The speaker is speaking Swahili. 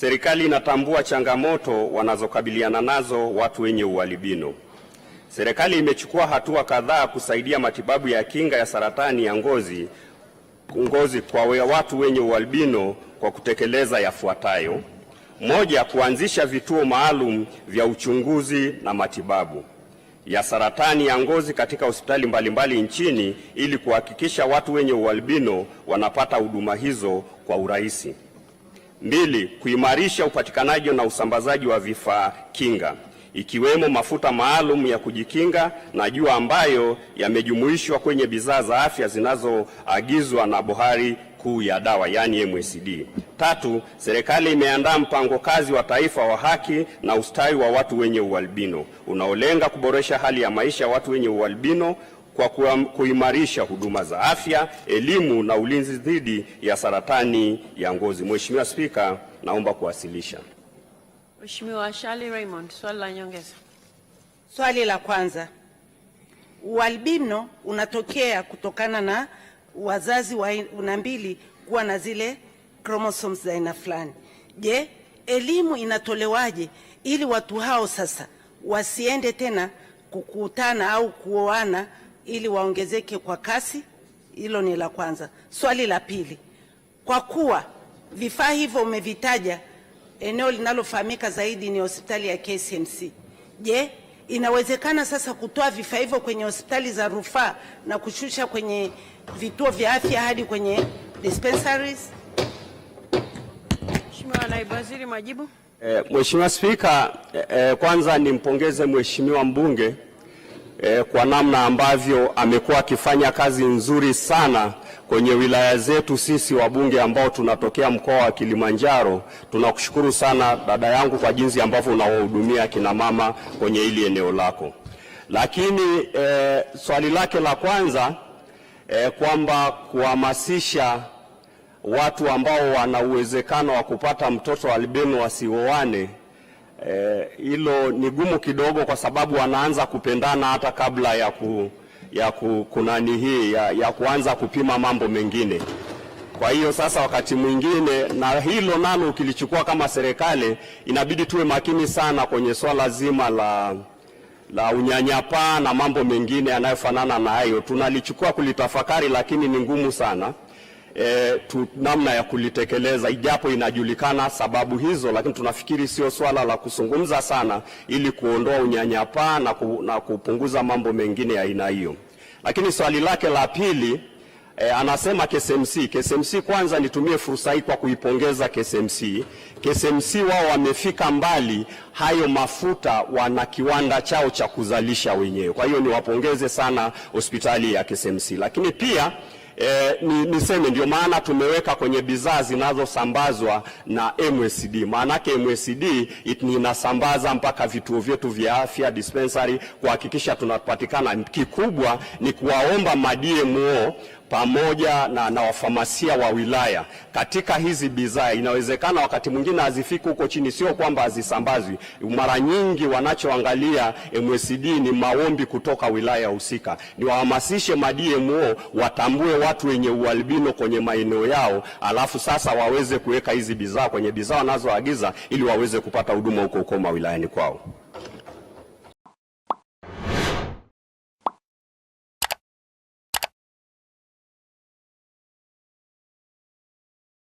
Serikali inatambua changamoto wanazokabiliana nazo watu wenye ualbino. Serikali imechukua hatua kadhaa kusaidia matibabu ya kinga ya saratani ya ngozi, ngozi kwa watu wenye ualbino kwa kutekeleza yafuatayo: moja, kuanzisha vituo maalum vya uchunguzi na matibabu ya saratani ya ngozi katika hospitali mbalimbali nchini ili kuhakikisha watu wenye ualbino wanapata huduma hizo kwa urahisi. Mbili, kuimarisha upatikanaji na usambazaji wa vifaa kinga ikiwemo mafuta maalum ya kujikinga na jua ambayo yamejumuishwa kwenye bidhaa za afya zinazoagizwa na Bohari Kuu ya Dawa, yani MSD. Tatu, serikali imeandaa mpango kazi wa taifa wa haki na ustawi wa watu wenye ualbino unaolenga kuboresha hali ya maisha ya watu wenye ualbino kwa kuimarisha huduma za afya, elimu na ulinzi dhidi ya saratani ya ngozi. Mheshimiwa Spika, naomba kuwasilisha. Mheshimiwa Shali Raymond, swali la nyongeza. Swali la kwanza, ualbino unatokea kutokana na wazazi wa aina mbili kuwa na zile chromosomes za aina fulani. Je, elimu inatolewaje ili watu hao sasa wasiende tena kukutana au kuoana ili waongezeke kwa kasi. Hilo ni la kwanza. Swali la pili, kwa kuwa vifaa hivyo umevitaja, eneo linalofahamika zaidi ni hospitali ya KCMC. Je, inawezekana sasa kutoa vifaa hivyo kwenye hospitali za rufaa na kushusha kwenye vituo vya afya hadi kwenye dispensaries? Mheshimiwa Naibu Waziri, majibu. Eh, Mheshimiwa Spika, eh, eh kwanza nimpongeze Mheshimiwa mbunge eh, kwa namna ambavyo amekuwa akifanya kazi nzuri sana kwenye wilaya zetu. Sisi wabunge ambao tunatokea mkoa wa Kilimanjaro tunakushukuru sana dada yangu kwa jinsi ambavyo unawahudumia kina mama kwenye hili eneo lako. Lakini eh, swali lake la kwanza eh, kwamba kuhamasisha watu ambao wana uwezekano wa kupata mtoto albino wasioane Eh, hilo eh, ni gumu kidogo, kwa sababu wanaanza kupendana hata kabla ya, ku, ya ku, kunani hii ya, ya kuanza kupima mambo mengine. Kwa hiyo sasa, wakati mwingine, na hilo nalo ukilichukua kama serikali, inabidi tuwe makini sana kwenye swala zima la la unyanyapaa na mambo mengine yanayofanana na hayo. Tunalichukua kulitafakari, lakini ni ngumu sana e, tu, namna ya kulitekeleza, ijapo inajulikana sababu hizo, lakini tunafikiri sio swala la kusungumza sana ili kuondoa unyanyapaa na, ku, na kupunguza mambo mengine ya aina hiyo. Lakini swali lake la pili E, anasema KSMC. KSMC kwanza nitumie fursa hii kwa kuipongeza KSMC. KSMC wao wamefika mbali, hayo mafuta wana kiwanda chao cha kuzalisha wenyewe. Kwa hiyo niwapongeze sana hospitali ya KSMC. Lakini pia E, niseme ndio maana tumeweka kwenye bidhaa zinazosambazwa na MSD. Maanake MSD inasambaza mpaka vituo vyetu vya afya dispensary, kuhakikisha tunapatikana. Kikubwa ni kuwaomba madmo pamoja na, na wafamasia wa wilaya katika hizi bidhaa. Inawezekana wakati mwingine hazifiki huko chini, sio kwamba hazisambazwi. Mara nyingi wanachoangalia MSD ni maombi kutoka wilaya husika. Niwahamasishe madmo watambue watu wenye ualbino kwenye maeneo yao, alafu sasa waweze kuweka hizi bidhaa kwenye bidhaa wanazoagiza ili waweze kupata huduma huko huko mawilayani kwao.